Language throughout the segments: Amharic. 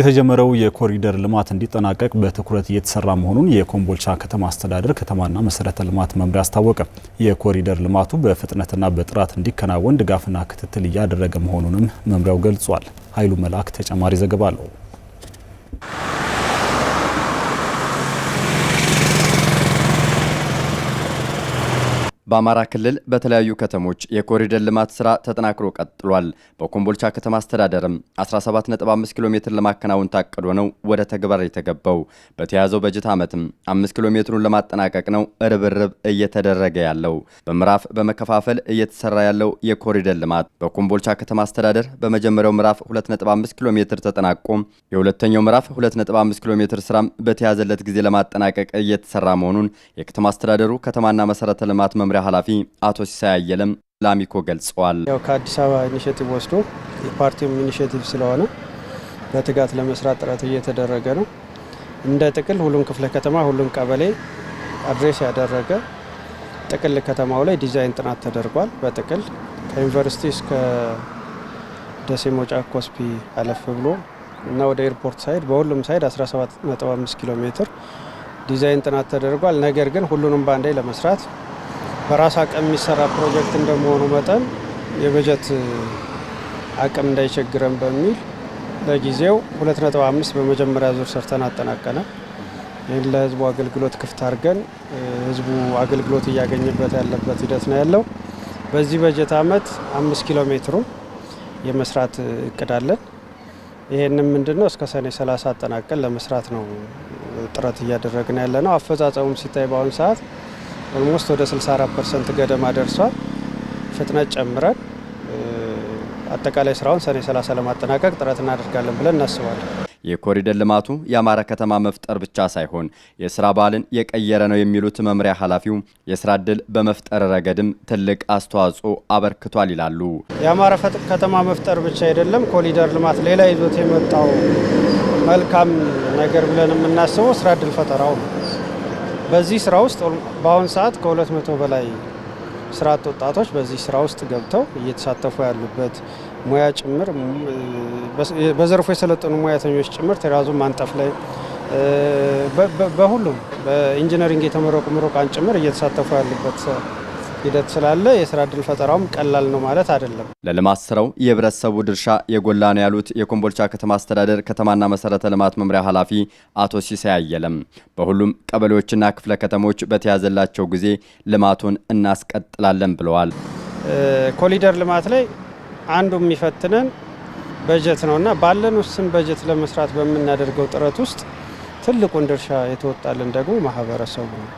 የተጀመረው የኮሪደር ልማት እንዲጠናቀቅ በትኩረት እየተሰራ መሆኑን የኮምቦልቻ ከተማ አስተዳደር ከተማና መሰረተ ልማት መምሪያ አስታወቀ። የኮሪደር ልማቱ በፍጥነትና በጥራት እንዲከናወን ድጋፍና ክትትል እያደረገ መሆኑንም መምሪያው ገልጿል። ኃይሉ መልአክ ተጨማሪ ዘገባ አለው። በአማራ ክልል በተለያዩ ከተሞች የኮሪደር ልማት ስራ ተጠናክሮ ቀጥሏል። በኮምቦልቻ ከተማ አስተዳደርም 175 ኪሎ ሜትር ለማከናወን ታቅዶ ነው ወደ ተግባር የተገባው። በተያዘው በጀት ዓመትም 5 ኪሎ ሜትሩን ለማጠናቀቅ ነው ርብርብ እየተደረገ ያለው። በምዕራፍ በመከፋፈል እየተሰራ ያለው የኮሪደር ልማት በኮምቦልቻ ከተማ አስተዳደር በመጀመሪያው ምዕራፍ 2.5 ኪሎ ሜትር ተጠናቆ የሁለተኛው ምዕራፍ 2.5 ኪሎ ሜትር ስራም በተያዘለት ጊዜ ለማጠናቀቅ እየተሰራ መሆኑን የከተማ አስተዳደሩ ከተማና መሰረተ ልማት መምሪያ መምሪያ ኃላፊ አቶ ሲሳይ አየለም ላሚኮ ገልጸዋል። ያው ከአዲስ አበባ ኢኒሽቲቭ ወስዶ የፓርቲውም ኢኒሽቲቭ ስለሆነ በትጋት ለመስራት ጥረት እየተደረገ ነው። እንደ ጥቅል ሁሉም ክፍለ ከተማ፣ ሁሉም ቀበሌ አድሬስ ያደረገ ጥቅል ከተማው ላይ ዲዛይን ጥናት ተደርጓል። በጥቅል ከዩኒቨርሲቲ እስከ ደሴ መውጫ ኮስፒ አለፍ ብሎ እና ወደ ኤርፖርት ሳይድ በሁሉም ሳይድ 17.5 ኪሎ ሜትር ዲዛይን ጥናት ተደርጓል። ነገር ግን ሁሉንም በአንድ ለመስራት በራስ አቅም የሚሰራ ፕሮጀክት እንደመሆኑ መጠን የበጀት አቅም እንዳይቸግረን በሚል ለጊዜው 2.5 በመጀመሪያ ዙር ሰርተን አጠናቀነ። ይህን ለህዝቡ አገልግሎት ክፍት አድርገን ህዝቡ አገልግሎት እያገኝበት ያለበት ሂደት ነው ያለው። በዚህ በጀት አመት አምስት ኪሎ ሜትሩ የመስራት እቅድ አለን። ይህንም ምንድነው እስከ ሰኔ 30 አጠናቀን ለመስራት ነው ጥረት እያደረግን ያለ ነው። አፈጻጸሙም ሲታይ በአሁኑ ሰዓት ኦልሞስት ወደ 64 ፐርሰንት ገደማ ደርሷል። ፍጥነት ጨምረን አጠቃላይ ስራውን ሰኔ 30 ለማጠናቀቅ ጥረት እናደርጋለን ብለን እናስባለን። የኮሪደር ልማቱ የአማራ ከተማ መፍጠር ብቻ ሳይሆን የስራ ባህልን የቀየረ ነው የሚሉት መምሪያ ኃላፊው የስራ እድል በመፍጠር ረገድም ትልቅ አስተዋጽኦ አበርክቷል ይላሉ። የአማራ ከተማ መፍጠር ብቻ አይደለም፣ ኮሪደር ልማት ሌላ ይዞት የመጣው መልካም ነገር ብለን የምናስበው ስራ እድል ፈጠራው ነው። በዚህ ስራ ውስጥ በአሁን ሰዓት ከሁለት መቶ በላይ ስራ አጥ ወጣቶች በዚህ ስራ ውስጥ ገብተው እየተሳተፉ ያሉበት ሙያ ጭምር በዘርፉ የሰለጠኑ ሙያተኞች ጭምር ተራዙ ማንጠፍ ላይ በሁሉም በኢንጂነሪንግ የተመረቁ ምሩቃን ጭምር እየተሳተፉ ያሉበት ሂደት ስላለ የስራ እድል ፈጠራውም ቀላል ነው ማለት አይደለም። ለልማት ስራው የህብረተሰቡ ድርሻ የጎላ ነው ያሉት የኮምቦልቻ ከተማ አስተዳደር ከተማና መሰረተ ልማት መምሪያ ኃላፊ አቶ ሲሳይ አየለም በሁሉም ቀበሌዎችና ክፍለ ከተሞች በተያዘላቸው ጊዜ ልማቱን እናስቀጥላለን ብለዋል። ኮሊደር ልማት ላይ አንዱ የሚፈትነን በጀት ነው እና ባለን ውስን በጀት ለመስራት በምናደርገው ጥረት ውስጥ ትልቁን ድርሻ የተወጣልን ደግሞ ማህበረሰቡ ነው።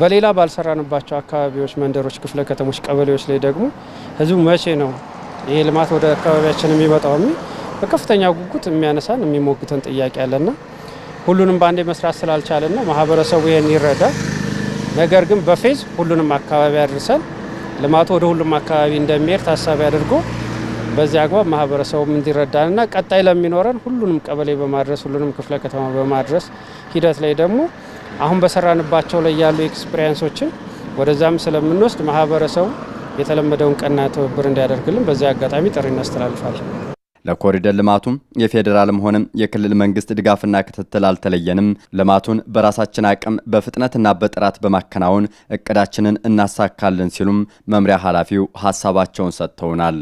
በሌላ ባልሰራንባቸው አካባቢዎች፣ መንደሮች፣ ክፍለ ከተሞች፣ ቀበሌዎች ላይ ደግሞ ህዝቡ መቼ ነው ይሄ ልማት ወደ አካባቢያችን የሚመጣው የሚል በከፍተኛ ጉጉት የሚያነሳን የሚሞግተን ጥያቄ አለና ሁሉንም በአንዴ መስራት ስላልቻለና ማህበረሰቡ ይህን ይረዳ። ነገር ግን በፌዝ ሁሉንም አካባቢ አድርሰን ልማቱ ወደ ሁሉም አካባቢ እንደሚሄድ ታሳቢ አድርጎ በዚህ አግባብ ማህበረሰቡም እንዲረዳንና ቀጣይ ለሚኖረን ሁሉንም ቀበሌ በማድረስ ሁሉንም ክፍለ ከተማ በማድረስ ሂደት ላይ ደግሞ አሁን በሰራንባቸው ላይ ያሉ ኤክስፔሪንሶችን ወደዛም ስለምንወስድ ማህበረሰቡ የተለመደውን ቀና ትብብር እንዲያደርግልን በዚያ አጋጣሚ ጥሪ እናስተላልፋል። ለኮሪደር ልማቱም የፌዴራልም ሆንም የክልል መንግስት ድጋፍና ክትትል አልተለየንም። ልማቱን በራሳችን አቅም በፍጥነትና በጥራት በማከናወን እቅዳችንን እናሳካለን ሲሉም መምሪያ ኃላፊው ሀሳባቸውን ሰጥተውናል።